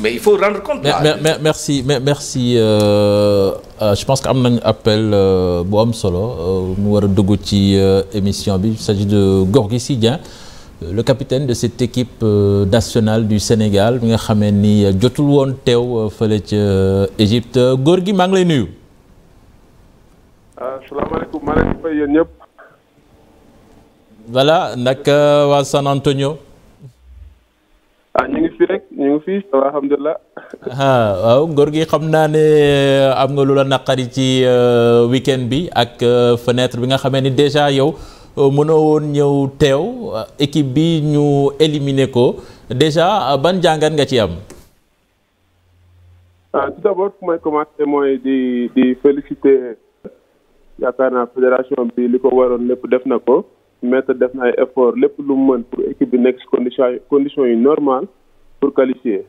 mais il faut rendre compte. mais merci mais merci euh, euh je pense que am nañu appel euh, bu am solo euh, mu war a dugg ci émission bi il s'agit de Gorgui Sy Dieng le capitaine de cette équipe nationale du Sénégal bi nga xamee ni jotul woon teew fële ca Égypte Gorgui gi ngi lay nuyu. asalaamaaleykum maa ngi lay nuyu ah, yéen ñëpp. voilà nag waa San Antonio. ñëw fii gi xam naa ne eh, am nga lu la naqari ci eh, weekend bi ak eh, fenêtre bi nga xamee ni déjà yow mënoo woon ñëw teew équipe bi ñu éliminer ko déjà ban jàngat nga ci am. ah tout d'abord fu may commencer mooy di di féliciter yaakaar naa fédération bi li ko waroon lépp def na ko. mettre def na effort lépp lu mën pour équipe bi nekk si condition yu normal pour qualifier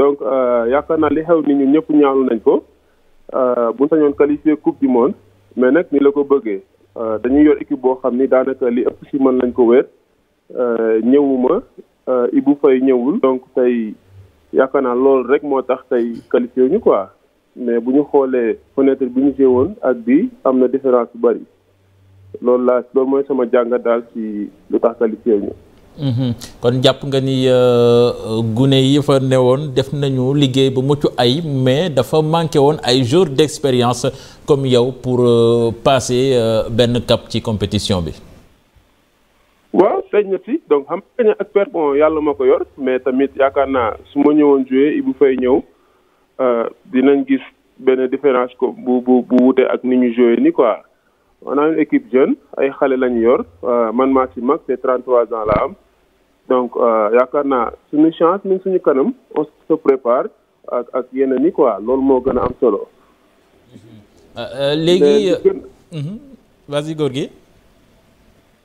donc euh, yaakaar naa li xew ni ñun ñëpp ñaanu nañ ko euh, bu ñu sañoon qualifier coupe du monde mais nag ni la ko bëggee euh, dañuy yor équipe boo xam ni daanaka li ëpp si man lañ ko wéer ñëwuma Ibou Faye ñëwul donc tey yaakaar naa loolu rek moo tax tey qualifié ñu quoi mais bu ñu xoolee fenêtre bi ñu woon ak bi am na différence bu bari loolu laa loolu mooy sama jàngat daal ci lu tax qualifié ñu Mhm. kon jàpp nga ni euh, euh, gune yi fa woon def nañu liggéey bu mucc ay mais dafa manqué woon ay jours d'expérience comme yow pour euh, passer benn cap ci compétition bi. waaw feeñ na si donc xam nga expert bon yàlla ma ko yor mais tamit yaakaar naa su ma ñëwoon joué Ibou Faye ñëw dinañ gis benn différence ko bu bu bu wute ak ni ñu joué ni quoi. on a une équipe jeune ay xale lañu yor euh, man maa ci mag te 33 ans la am donc euh, yaakaar naa suñu chance mi suñu kanam on se prépare ak ak yeneen yi quoi loolu moo gën a am solo. Euh, léegi mhm, vas-y góor gi.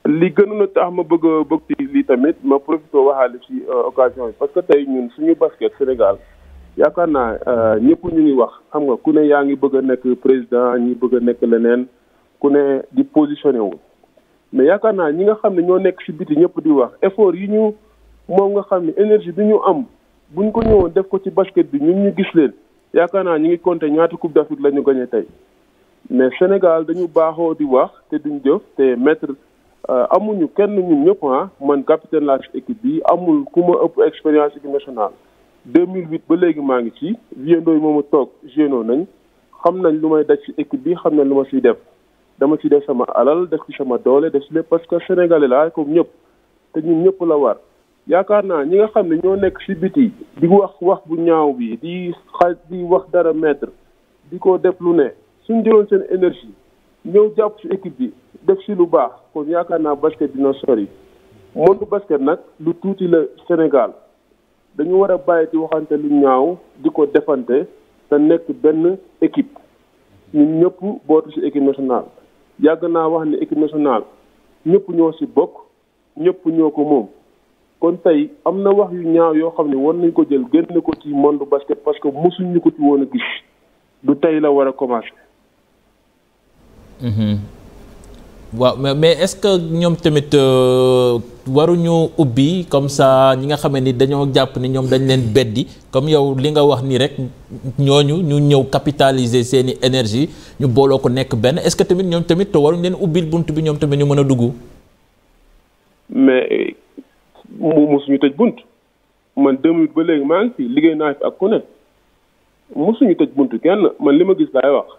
li gënoon a tax ma bëgg a bëgg ci lii tamit ma profité waxaale ci occasion yi parce que tey ñun suñu basket Sénégal yaakaar naa ñëpp ñu ngi wax xam nga ku ne yaa ngi bëgg a nekk président ñi bëgg a nekk leneen. ku ne di positionné wu mais yaakaar naa ñi nga xam ne ñoo nekk ci biti ñëpp di wax effort yi ñu moom nga xam ne énergie bi ñu am buñ ko ñëwoon def ko ci basket bi ñun ñu gis leen yaakaar naa ñu ngi compté ñaata coupe d'Afrique la ñu gagné tey mais Sénégal dañu baaxoo di wax te duñ jëf te maître euh, amuñu kenn ñun ñëpp ah man capitaine laa ci équipe bi amul ku ma ëpp expérience équipe mille 2008 ba léegi maa ngi ci viandooyu mooma toog génoo nañ xam nañ lu may daj ci équipe bi xam nañ lu ma siy def dama ci def sama alal def ci sama doole def ci lépp parce que sénégalais laa comme ñëpp te ñun ñëpp la war yaakaar naa ñi nga xam ne ñoo nekk ci biti di wax wax bu ñaaw bii di xaj di wax dara maître di ko def lu ne suñ jëloon seen énergie ñëw jàpp ci équipe bi def ci lu baax kon yaakaar naa basket dina sori monde basket nag lu tuuti la Sénégal dañu war a bàyyi di waxante lu ñaaw di ko defante te nekk benn équipe ñun ñëpp bootu ci équipe nationale yàgg naa wax ne équipe nationale ñëpp ñoo ci bokk ñëpp ñoo ko moom kon tey am na wax yu ñaaw yoo xam ne war nañ ko jël génn ko ci monde basket parce que mosuñ ñu ko ci woon a gis du tey la war a commencer. Mm-hmm. waaw mais mais est-ce que ñoom tamit euh, waruñu ubbi comme ça ñi nga xam ni dañoo jàpp ni ñoom dañ leen beddi comme yow li nga wax nii rek ñooñu ñu ñëw capitaliser seeni énergie ñu booloo ko nekk benn est-ce que tamit ñoom tamit waruñu leen ubbil bunt bi ñoom tamit ñu mën a dugg. mais mu mosuñu tëj bunt man deux ba léegi maa ngi fi liggéey naa fi ak ku ne mosuñu tëj bunt kenn man li ma gis laay wax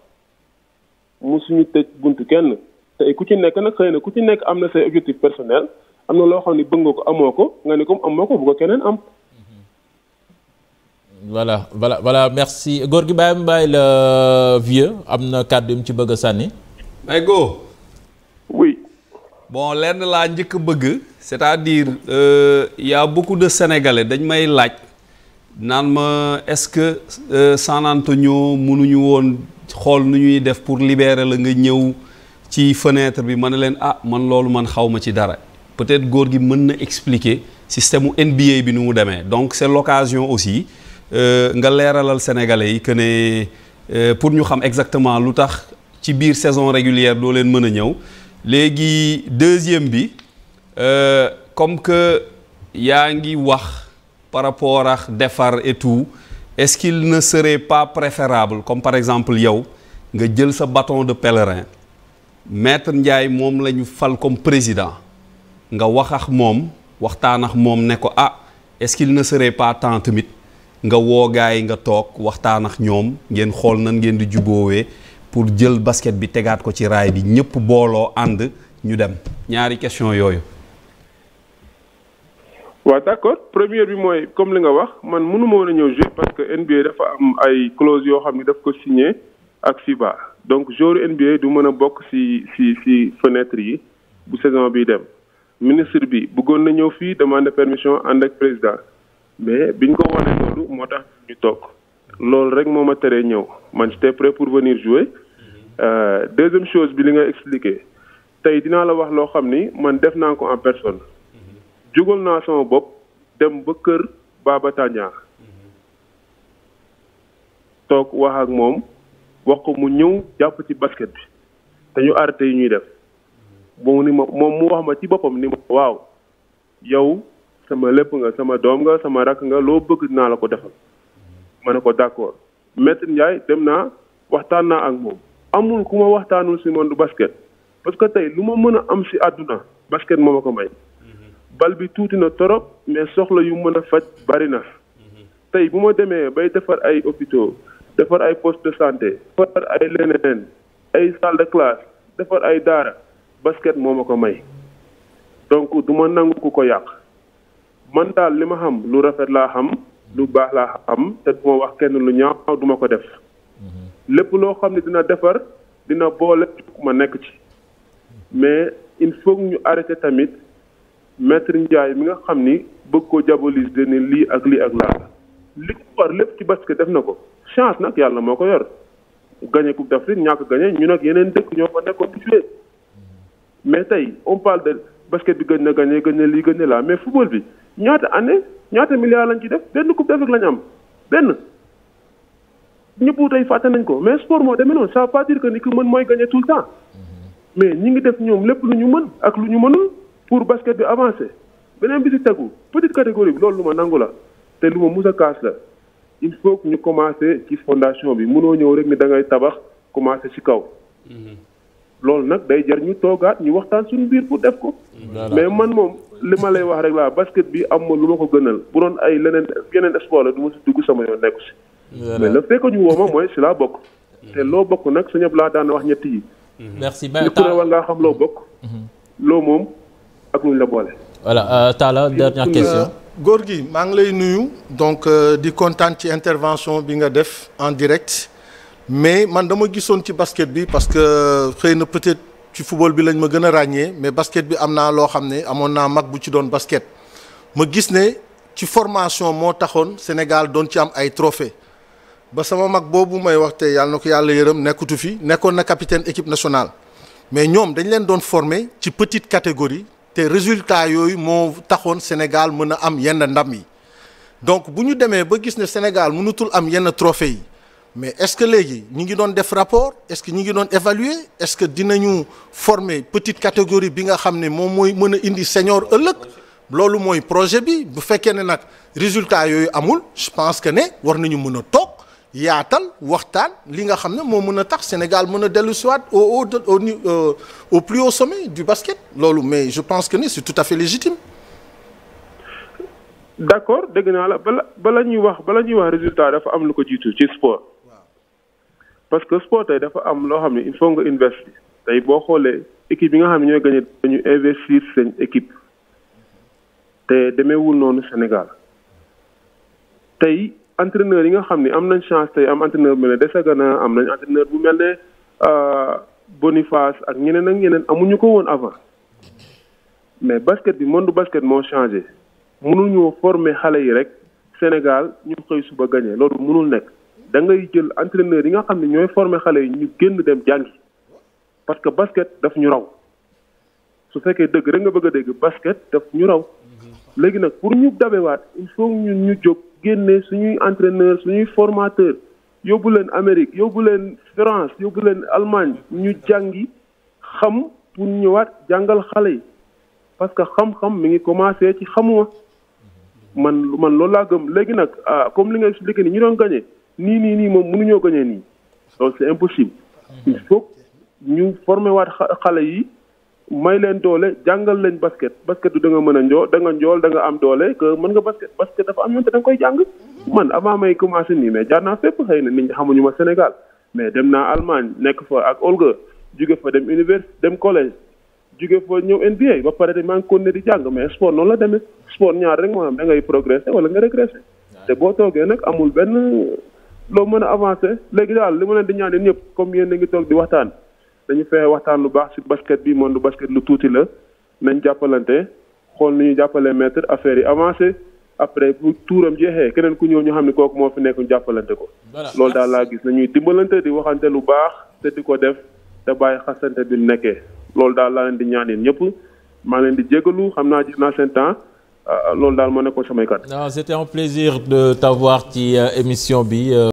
mosuñu tëj bunt kenn. tey ku ci nekk nag xëy na ku ci nekk am na say objectif personnel am na loo xam ne bëgg nga ko amoo ko nga ne comme amoo ko bu ko keneen am. voilà voilà voilà merci gor gi bàyyi mu bàyyi la euh, vieux am na kàddu ci bëgg sànni. may go. oui. bon lenn laa njëkk bëgg. c'est-à-dire euh, y a de sénégalais dañ may laaj naan ma est-ce que euh, San Antonio mënuñu woon xool nu ñuy def pour libérer la nga ñëw. ci fenêtre bi ma ne leen ah man loolu man xaw ma ci dara peut-être góor gi mën na expliquer système mu NBA bi nu mu demee donc c'est l'occasion aussi euh, nga leeralal sénégalais yi que ne euh, pour ñu xam exactement lu tax ci biir saison régulière doo leen mën a ñëw léegi deuxième bi euh, comme que yaa ngi wax par rapport ak defar et tout est-ce qu'il ne serait pas préférable comme par exemple yow nga jël sa baton de pèlerin maître Ndiaye moom la ñu fal comme président nga waxax moom waxtaan ax moom ne ko ah est na qu'il ne serait pas nga woo gaay nga toog waxtaan ax ñoom ngeen xool nan ngeen di juboowee pour jël basket bi tegaat ko ci raay bi ñëpp booloo ànd ñu dem ñaari question yooyu. waaw d'accord première bi mooy comme li nga wax man mënuma woon a ñëw jouer parce que NBA dafa am ay clause yoo xam ne daf ko signé ak FIBA. donc joueur NBA du mën a bokk ci ci ci fenêtre yi bu saison bi dem ministre bi bëggoon na ñëw fii demande permission ànd ak président mais biñ ko wanee loolu moo tax ñu toog loolu rek moo ma teree ñëw man j'étais prêt pour venir jouer euh, deuxième chose bi li nga expliqué tey dinaa la wax loo xam ni man def naa ko en personne jógal naa sama bopp dem ba kër Baba Tandian mhm. toog wax ak moom wax ko mu ñëw jàpp ci basket bi te ñu arrêté yi ñuy def moom ni ma moom mu wax ma ci boppam ni ma waaw yow sama lépp nga sama doom nga sama rakk nga loo bëgg naa la ko defal ma ne ko d'accord maître Ndiaye dem naa waxtaan naa ak moom amul ku ma waxtaanul si du basket parce que tey lu ma mën a am si àdduna basket moo ma ko may bal bi tuuti na torop mais soxla yu mën a faj bari na mm-hmm. tey bu ma demee bay defar ay hôpitaux defar ay poste de santé defar ay leneen ay salle de classe defar ay daara basket moo ma ko may donc du ma nangu ku ko yàq man daal li ma xam lu rafet laa xam lu baax laa xam te du wax kenn lu ñaaw duma ko def mhm. lépp loo xam ne dina defar dina boole ma nekk ci mais il faut ñu arrêté tamit maître Ndiaye mi nga xam ni bëgg ko diaboliser ni lii ak lii ak laa li ko war lépp ci basket def na ko chance nag yàlla moo ko yor gagné coupe d'Afrique ñàkk gagné ñu nag yeneen dëkk ñoo ko nekkoon di joué mais tey on parle de basket bi gën na gagné gën ne lii gën na laa mais football bi ñaata année ñaata milliards lañ ci def benn coupe d'Afrique lañ am benn ñëpp tey fàtte nañ ko mais sport moo demee noonu ça veut pas que ni ku mën mooy gagné tout mais ñi ngi def ñoom lépp lu ñu mën ak lu ñu mënul pour basket bi avancer beneen bi si tegu petite catégorie bi loolu lu ma nangu la te lu ma mus il faut que ñu commencer ci fondation bi mënoo ñëw rek ni da ngay tabax commencer ci kaw. loolu nag day jar ñu toogaat ñu waxtaan suñu biir pour def ko. mais man moom li ma lay wax rek laa basket bi am ma lu ma ko gënal bu doon ay leneen yeneen sport la du ma si dugg sama yoon nekku si. mais le fait ñu woo ma mooy si laa bokk. te loo bokk nag su ñëpp laa daan wax ñett yi. merci ba ku ne war ngaa xam loo bokk. Mhm. loo moom ak luñ la boole. voilà euh, Talla dernière question. góor gi maa ngi lay nuyu donc euh, di kontaan ci intervention bi nga def en direct mais man dama gisoon ci basket bi parce que euh, xëy na peut-être ci football bi lañ ma gën a ràññee mais basket bi am naa loo xam ne amoon naa mag bu ci doon basket ma gis ne ci formation moo taxoon Sénégal doon ci am ay trophée ba sama mag boobu may wax te yàlla na ko yàlla yërëm nekkatu fi nekkoon na capitaine équipe nationale mais ñoom dañ leen doon former ci petite catégorie te résultat yooyu moo taxoon Sénégal mën a am yenn ndam yi donc bu ñu demee ba gis ne Sénégal mënatul am yenn trophée yi mais est-ce que léegi ñi ngi doon def rapport est-ce que ñi ngi doon évaluer est-ce que dinañu former petite catégorie bi nga xam ne moom mooy mën a indi senior ëllëg loolu mooy projet bi bu fekkee ne nag résultat yooyu amul je pense que ne war nañu mën a toog yaatal waxtaan li nga xam ne moo mën a tax Sénégal mën a dellu siwaat au au au euh, au plus haut sommet du basket loolu mais je pense que ni c'est tout à fait légitime. d'accord dégg naa la bala bala ñuy wax bala ñuy wax résultat dafa am lu ko jiitu ci sport. parce que sport tey dafa am loo xam ne il faut nga investir tey boo xoolee équipe yi nga xam ne ñooy gagné dañu investir seen équipe mm-hmm. te demeewul noonu Sénégal tey. entraîneur yi nga xam ni am nañ chance tey am entraîneur bu mel ne Desagana am nañ entraîneur bu mel ne euh, Boniface ak ñeneen ak ñeneen amuñu ko woon avant mais basket bi monde basket moo changé mënuñoo former xale yi rek Sénégal ñu xëy suba gagné loolu mënul nekk da ngay jël entraîneur yi nga xam ne ñooy former xale yi ñu génn dem jàngi parce que basket daf ñu raw su fekkee dëgg rek nga bëgg a dégg basket daf ñu raw mm-hmm. léegi nag pour ñu dabewaat il faut ñun ñu jóg. génne suñuy entraîneur suñuy formateur yóbbu leen Amérique yóbbu leen France yóbbu leen Allemagne ñu jàngi xam pour ñëwaat jàngal xale yi parce que xam-xam mi ngi commencé ci xamuma man man loolu laa gëm léegi nag ah, comme li nga expliqué ni ñu doon gagné nii nii nii moom mënuñoo gagné nii donc c'est impossible il faut ñu formé waat xale yi may leen doole jàngal leen basket basket du da nga mën a njool da nga njool da nga am doole que mën nga basket basket dafa am ñoom te da koy jàng man avant may commencé nii mais jaar naa fépp xëy na nit ñi xamuñu ma Sénégal mais dem naa Allemagne nekk fa ak Olga jóge dem université dem collège jóge fa ñëw NBA ba pare de maa ngi continuer di jàng mais sport noonu la demee sport ñaar rek maanaam da ngay progresser wala nga régresser te boo toogee nag amul benn loo mën a avancer léegi daal li ma leen di ñaan yéen ñëpp comme yéen a ngi toog di waxtaan. dañu fexe waxtaan lu baax ci basket bi monde basket lu tuuti la nañ jàppalante xool nu ñu jàppalee metre affaire yi avancé après bu tuuram jeexee keneen ku ñëw ñu xam ne kooku moo fi nekk ñu jàppalante ko. loolu daal laa gis nañuy dimbalante di waxante lu baax te di ko def te bàyyi xasante bi nekkee loolu daal laa leen di ñaan yéen ñëpp maa leen di jégalu xam naa gis naa seen temps. Ah, loolu daal moo nekkoon samay kat. non c'était un plaisir de t'avoir ci euh, émission bi. Euh.